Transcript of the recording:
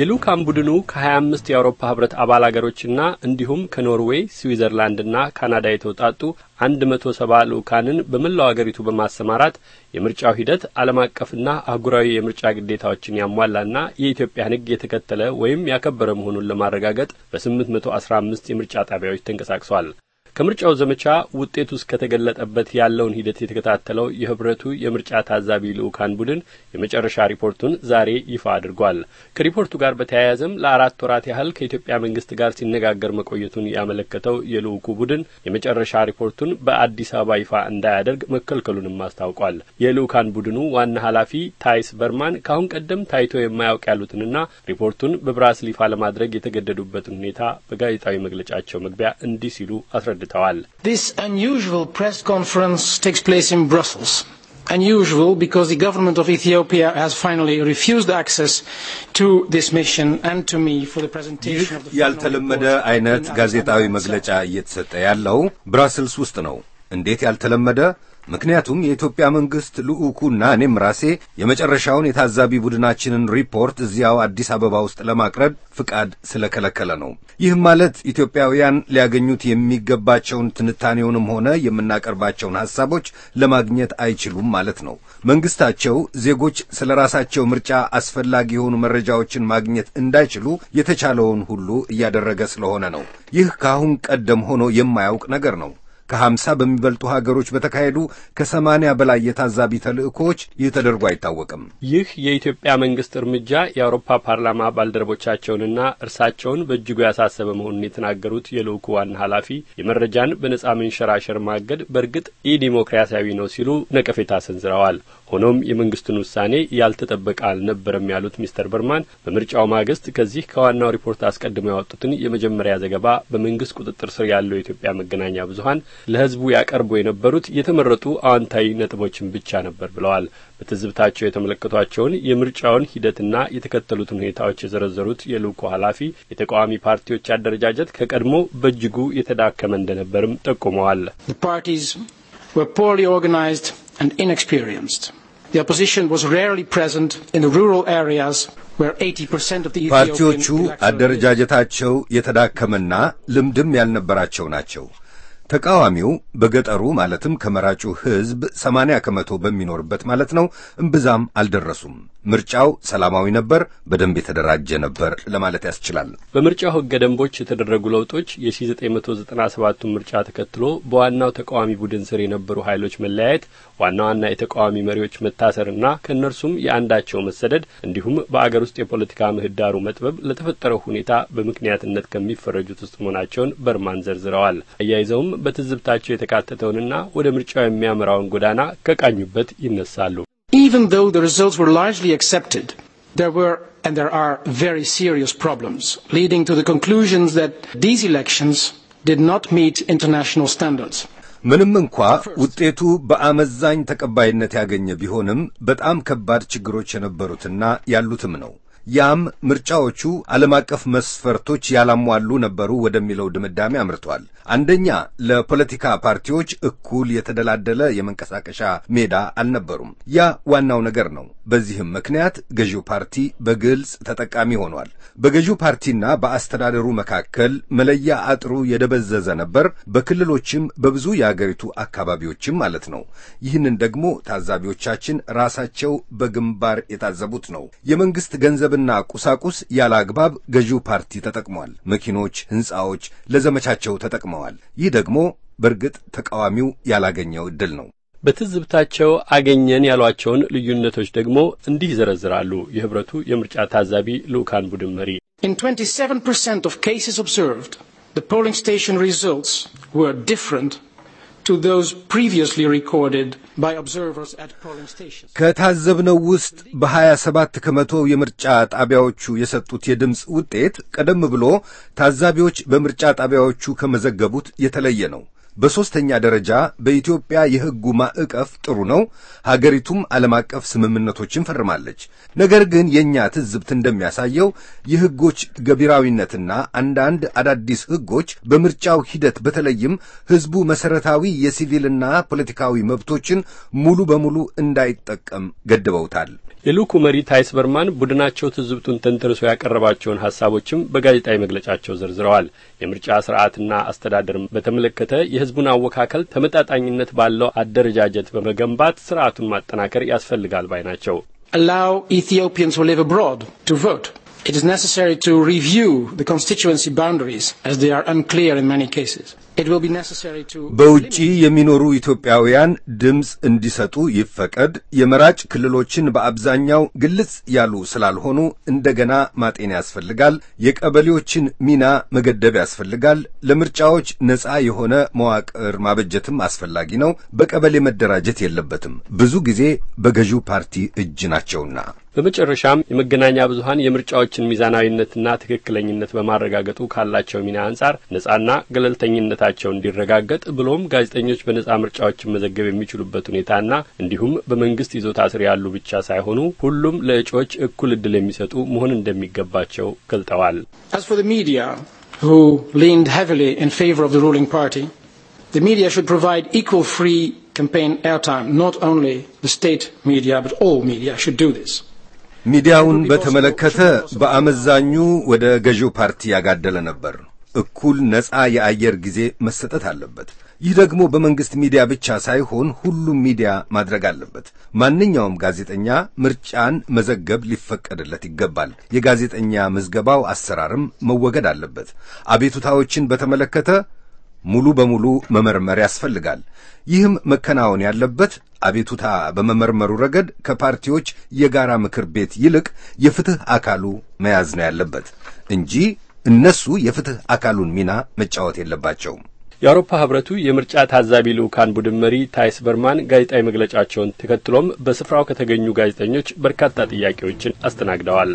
የልዑካን ቡድኑ ከ25 የአውሮፓ ህብረት አባል አገሮችና እንዲሁም ከኖርዌይ ስዊዘርላንድና ካናዳ የተውጣጡ 170 ልዑካንን በመላው አገሪቱ በማሰማራት የምርጫው ሂደት ዓለም አቀፍና አህጉራዊ የምርጫ ግዴታዎችን ያሟላና የኢትዮጵያን ህግ የተከተለ ወይም ያከበረ መሆኑን ለማረጋገጥ በ815 የምርጫ ጣቢያዎች ተንቀሳቅሷል። ከምርጫው ዘመቻ ውጤቱ እስከተገለጠበት ያለውን ሂደት የተከታተለው የህብረቱ የምርጫ ታዛቢ ልዑካን ቡድን የመጨረሻ ሪፖርቱን ዛሬ ይፋ አድርጓል። ከሪፖርቱ ጋር በተያያዘም ለአራት ወራት ያህል ከኢትዮጵያ መንግስት ጋር ሲነጋገር መቆየቱን ያመለከተው የልዑኩ ቡድን የመጨረሻ ሪፖርቱን በአዲስ አበባ ይፋ እንዳያደርግ መከልከሉንም አስታውቋል። የልዑካን ቡድኑ ዋና ኃላፊ ታይስ በርማን ከአሁን ቀደም ታይቶ የማያውቅ ያሉትንና ሪፖርቱን በብራስል ይፋ ለማድረግ የተገደዱበትን ሁኔታ በጋዜጣዊ መግለጫቸው መግቢያ እንዲህ ሲሉ አስረድተዋል። አመልክተዋል። This unusual press conference takes place in Brussels. Unusual because the government of Ethiopia has finally refused access to this mission and to me for the presentation of the ያልተለመደ አይነት ጋዜጣዊ መግለጫ እየተሰጠ ያለው ብራስልስ ውስጥ ነው። እንዴት ያልተለመደ ምክንያቱም የኢትዮጵያ መንግስት ልዑኩና እኔም ራሴ የመጨረሻውን የታዛቢ ቡድናችንን ሪፖርት እዚያው አዲስ አበባ ውስጥ ለማቅረብ ፍቃድ ስለከለከለ ነው። ይህም ማለት ኢትዮጵያውያን ሊያገኙት የሚገባቸውን ትንታኔውንም ሆነ የምናቀርባቸውን ሐሳቦች ለማግኘት አይችሉም ማለት ነው። መንግስታቸው ዜጎች ስለ ራሳቸው ምርጫ አስፈላጊ የሆኑ መረጃዎችን ማግኘት እንዳይችሉ የተቻለውን ሁሉ እያደረገ ስለሆነ ነው። ይህ ከአሁን ቀደም ሆኖ የማያውቅ ነገር ነው። ከሀምሳ በሚበልጡ ሀገሮች በተካሄዱ ከሰማንያ በላይ የታዛቢ ተልእኮዎች ይህ ተደርጎ አይታወቅም። ይህ የኢትዮጵያ መንግስት እርምጃ የአውሮፓ ፓርላማ ባልደረቦቻቸውንና እርሳቸውን በእጅጉ ያሳሰበ መሆኑን የተናገሩት የልዑኩ ዋና ኃላፊ የመረጃን በነጻ መንሸራሸር ማገድ በእርግጥ ኢዲሞክራሲያዊ ነው ሲሉ ነቀፌታ ሰንዝረዋል። ሆኖም የመንግስቱን ውሳኔ ያልተጠበቀ አልነበረም ያሉት ሚስተር በርማን በምርጫው ማግስት ከዚህ ከዋናው ሪፖርት አስቀድሞ ያወጡትን የመጀመሪያ ዘገባ በመንግስት ቁጥጥር ስር ያለው የኢትዮጵያ መገናኛ ብዙሀን ለህዝቡ ያቀርቡ የነበሩት የተመረጡ አዋንታዊ ነጥቦችን ብቻ ነበር ብለዋል። በትዝብታቸው የተመለከቷቸውን የምርጫውን ሂደትና የተከተሉትን ሁኔታዎች የዘረዘሩት የልዑኩ ኃላፊ የተቃዋሚ ፓርቲዎች አደረጃጀት ከቀድሞ በእጅጉ የተዳከመ እንደነበርም ጠቁመዋል። ፓርቲዎቹ አደረጃጀታቸው የተዳከመና ልምድም ያልነበራቸው ናቸው። ተቃዋሚው በገጠሩ ማለትም ከመራጩ ሕዝብ 80 ከመቶ በሚኖርበት ማለት ነው እምብዛም አልደረሱም። ምርጫው ሰላማዊ ነበር፣ በደንብ የተደራጀ ነበር ለማለት ያስችላል። በምርጫው ሕገ ደንቦች የተደረጉ ለውጦች የ 1997 ምርጫ ተከትሎ በዋናው ተቃዋሚ ቡድን ስር የነበሩ ኃይሎች መለያየት፣ ዋና ዋና የተቃዋሚ መሪዎች መታሰርና ከእነርሱም የአንዳቸው መሰደድ እንዲሁም በአገር ውስጥ የፖለቲካ ምህዳሩ መጥበብ ለተፈጠረው ሁኔታ በምክንያትነት ከሚፈረጁት ውስጥ መሆናቸውን በርማን ዘርዝረዋል። አያይዘውም በትዝብታቸው የተካተተውንና ወደ ምርጫው የሚያመራውን ጎዳና ከቃኙበት ይነሳሉ። Even though the results were largely accepted, there were and there are very serious problems, leading to the conclusions that these elections did not meet international standards. ምንም እንኳ ውጤቱ በአመዛኝ ተቀባይነት ያገኘ ቢሆንም በጣም ከባድ ችግሮች የነበሩትና ያሉትም ነው። ያም ምርጫዎቹ ዓለም አቀፍ መስፈርቶች ያላሟሉ ነበሩ ወደሚለው ድምዳሜ አምርቷል። አንደኛ ለፖለቲካ ፓርቲዎች እኩል የተደላደለ የመንቀሳቀሻ ሜዳ አልነበሩም። ያ ዋናው ነገር ነው። በዚህም ምክንያት ገዢው ፓርቲ በግልጽ ተጠቃሚ ሆኗል። በገዢው ፓርቲና በአስተዳደሩ መካከል መለያ አጥሩ የደበዘዘ ነበር፣ በክልሎችም በብዙ የአገሪቱ አካባቢዎችም ማለት ነው። ይህንን ደግሞ ታዛቢዎቻችን ራሳቸው በግንባር የታዘቡት ነው። የመንግስት ገንዘብ ቁሳቁስና ቁሳቁስ ያለ አግባብ ገዢው ፓርቲ ተጠቅሟል። መኪኖች፣ ሕንፃዎች ለዘመቻቸው ተጠቅመዋል። ይህ ደግሞ በእርግጥ ተቃዋሚው ያላገኘው ዕድል ነው። በትዝብታቸው አገኘን ያሏቸውን ልዩነቶች ደግሞ እንዲህ ይዘረዝራሉ። የህብረቱ የምርጫ ታዛቢ ልዑካን ቡድን መሪ In 27% of cases observed, the polling station results were different ከታዘብነው ውስጥ በ27 ከመቶ የምርጫ ጣቢያዎቹ የሰጡት የድምፅ ውጤት ቀደም ብሎ ታዛቢዎች በምርጫ ጣቢያዎቹ ከመዘገቡት የተለየ ነው። በሦስተኛ ደረጃ በኢትዮጵያ የሕጉ ማዕቀፍ ጥሩ ነው፣ ሀገሪቱም ዓለም አቀፍ ስምምነቶችን ፈርማለች። ነገር ግን የእኛ ትዝብት እንደሚያሳየው የሕጎች ገቢራዊነትና አንዳንድ አዳዲስ ሕጎች በምርጫው ሂደት በተለይም ሕዝቡ መሠረታዊ የሲቪልና ፖለቲካዊ መብቶችን ሙሉ በሙሉ እንዳይጠቀም ገድበውታል። የልኡኩ መሪ ታይስ በርማን ቡድናቸው ትዝብቱን ተንተርሶ ያቀረባቸውን ሀሳቦችም በጋዜጣዊ መግለጫቸው ዘርዝረዋል። የምርጫ ስርዓትና አስተዳደር በተመለከተ የህዝቡን አወካከል ተመጣጣኝነት ባለው አደረጃጀት በመገንባት ስርዓቱን ማጠናከር ያስፈልጋል ባይ ናቸው። allow Ethiopians who live abroad to vote It is necessary to review the constituency boundaries as they are unclear in many cases. It will be necessary to በውጪ የሚኖሩ ኢትዮጵያውያን ድምፅ እንዲሰጡ ይፈቀድ። የመራጭ ክልሎችን በአብዛኛው ግልጽ ያሉ ስላልሆኑ እንደገና ማጤን ያስፈልጋል። የቀበሌዎችን ሚና መገደብ ያስፈልጋል። ለምርጫዎች ነፃ የሆነ መዋቅር ማበጀትም አስፈላጊ ነው። በቀበሌ መደራጀት የለበትም ብዙ ጊዜ በገዢው ፓርቲ እጅ ናቸውና። በመጨረሻም የመገናኛ ብዙሀን የምርጫዎችን ሚዛናዊነትና ትክክለኝነት በማረጋገጡ ካላቸው ሚና አንጻር ነጻና ገለልተኝነታቸው እንዲረጋገጥ ብሎም ጋዜጠኞች በነጻ ምርጫዎችን መዘገብ የሚችሉበት ሁኔታና እንዲሁም በመንግስት ይዞታ ስር ያሉ ብቻ ሳይሆኑ ሁሉም ለእጩዎች እኩል እድል የሚሰጡ መሆን እንደሚገባቸው ገልጠዋል። As for the media, who leaned heavily in favor of the ruling party, the media should provide equal free campaign airtime. Not only the state media, but all media should do this. ሚዲያውን በተመለከተ በአመዛኙ ወደ ገዢው ፓርቲ ያጋደለ ነበር። እኩል ነፃ የአየር ጊዜ መሰጠት አለበት። ይህ ደግሞ በመንግሥት ሚዲያ ብቻ ሳይሆን ሁሉም ሚዲያ ማድረግ አለበት። ማንኛውም ጋዜጠኛ ምርጫን መዘገብ ሊፈቀድለት ይገባል። የጋዜጠኛ ምዝገባው አሰራርም መወገድ አለበት። አቤቱታዎችን በተመለከተ ሙሉ በሙሉ መመርመር ያስፈልጋል። ይህም መከናወን ያለበት አቤቱታ በመመርመሩ ረገድ ከፓርቲዎች የጋራ ምክር ቤት ይልቅ የፍትህ አካሉ መያዝ ነው ያለበት እንጂ እነሱ የፍትህ አካሉን ሚና መጫወት የለባቸውም። የአውሮፓ ህብረቱ የምርጫ ታዛቢ ልዑካን ቡድን መሪ ታይስ በርማን ጋዜጣዊ መግለጫቸውን ተከትሎም በስፍራው ከተገኙ ጋዜጠኞች በርካታ ጥያቄዎችን አስተናግደዋል።